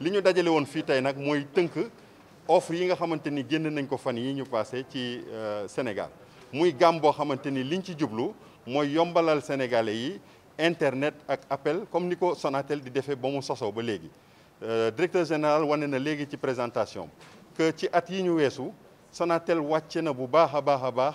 li ñu dajale woon fii tey nag mooy tënk offre yi nga xamante ni génn nañ ko fan yi ñu passé ci euh, Sénégal muy gamme boo xamante ni liñ ci jublu mooy yombalal sénégalais yi internet ak appel comme ni ko Sonatel di defee ba mu sosoo ba léegi euh, directeur général wane na léegi ci présentation que ci at yi ñu weesu Sonatel wàcce na bu baax a baax a baax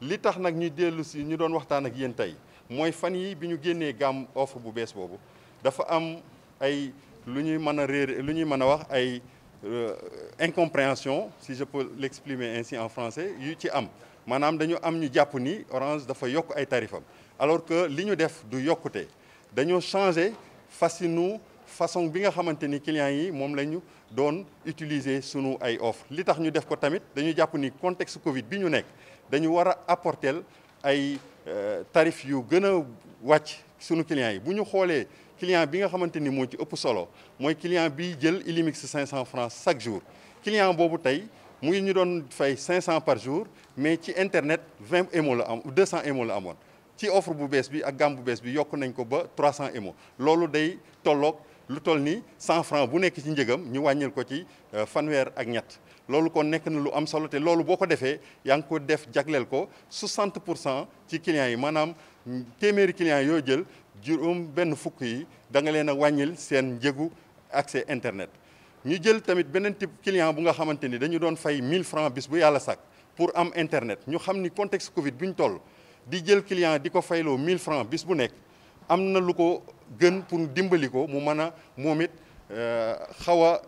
li tax nag ñu dellu ci ñu doon waxtaan ak yeen tay moy fan yi biñu génné gam offre bu bees bobu dafa am ay luñuy mëna mën luñuy mëna wax ay euh, incompréhension si je peux l'exprimer ainsi en français yu ci am Manam dañu am ñu japp ni Orange dafa yok ay tarifam alors que liñu def du yokuté dañu changer fasinu façon bi nga xamante client yi mom lañu doon utiliser sunu ay offre li tax ñu def ko tamit dañu japp ni contexte Covid bi ñu dañu avons apporté ay euh, tarif yu gën clients yi nous ñu xoolee client bi nga xamante ni moo ci ëpp solo mooy client bi jël 500 francs chaque jour client boobu tey mu ngi ñu doon fay 500 par jour mais ci internet 20 émo la am 200 émo la amoon ci offre bu bees bi ak gamme bu bi nañ ko ba 300 émo loolu day lu toll ni cent francs bu nekk ci njëgam ñu wàññil ko ci euh, fanweer ak ñett loolu ko nekk na lu am solo te loolu boo ko defee yaa ngi ko def jagleel ko 60 pour cent ci clients yi maanaam téeméeri clients yoo jël juróom benn fukk yi danga nga leen a wàññil seen njëgu accès internet. ñu jël tamit beneen type client bu nga xamante ni dañu doon fay 1000 francs bis bu yàlla sàkk pour am internet ñu xam ni contexte Covid bi ñu toll di jël client di ko fayloo mille francs bis bu nekk gën pour dimbaliko mu mëna momit euh xawa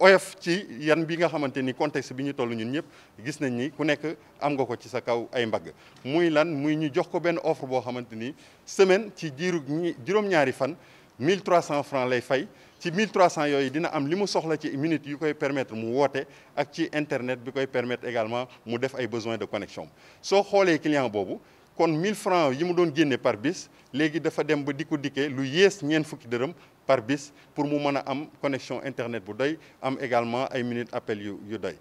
oyef ci yan bi nga xamanteni contexte bi ñu tollu ñun ñëpp gis nañ ni ku nekk am nga ko ci sa kaw ay mbag muy lan muy ñu jox ko ben offre bo xamanteni semaine ci jiru juroom ñaari fan 1300 francs lay fay ci 1300 yoy dina am limu soxla ci minute yu koy permettre mu wote ak ci internet bi koy permettre également mu def ay besoin de connexion so xolé client bobu kon 1000 francs yi mu doon génne par bis léegi dafa dem ba di ko dikkee lu yées ñeent fukki dërëm par bis pour mu mën a am connexion internet bu doy am également ay minute appel yu yu doy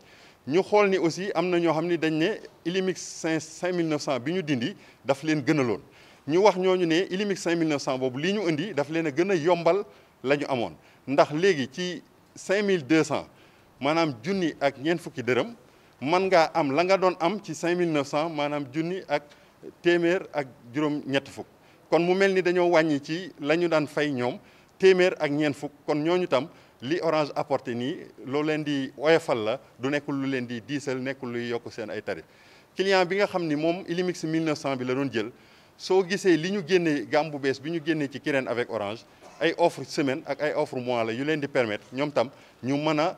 ñu xool ni aussi am na ñoo xam ni dañ ne Ilimix 5 5900 bi ñu dindi daf leen gënaloon ñu wax ñooñu ne Ilimix 5900 boobu li ñu indi daf leen a gën a yombal la ñu amoon ndax léegi ci 5200 maanaam junni ak ñeent fukki dërëm mën ngaa am la nga doon am ci 5900 maanaam junni ak téeméer ak juróom ñetti fuk kon mu melni ni dañoo wàññi ci lañu daan fay ñoom téeméer ak ñen fuk kon ñoñu tam li orange apporté ni loo leen di oyofal la du nekkul lu leen di diisal nekkul luy yok seen ay tarif client bi nga xamni mom ilimix 1900 bi la doon jël so gisee li ñu génnee gamme bu bees bi ñu génnee ci Kirène avec orange ay offre semaine ak ay offre mois la yu leen di permettre ñoom tam ñu mëna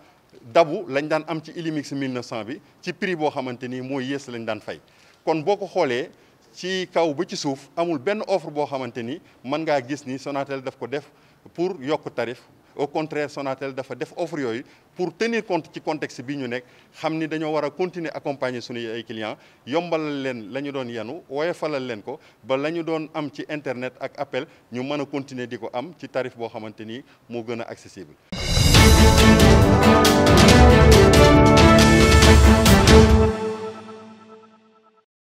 dabu lañ daan am ci ilimix 1900 bi ci prix bo xamanteni moy mooy yées lañ daan fay kon boko xolé ci kaw ba ci souf amul ben offre bo xamanteni man nga gis ni Sonatel daf ko def pour yok tarif au contraire Sonatel dafa def offre yooyu pour tenir compte ci contexte bi ñu nek xamni dañu wara continuer accompagner suñu ay clients yombalal leen lañu ñu doon yanu woyofalal leen ko ba lañu am ci internet ak appel ñu mëna continuer diko am ci tarif bo xamanteni mo moo accessible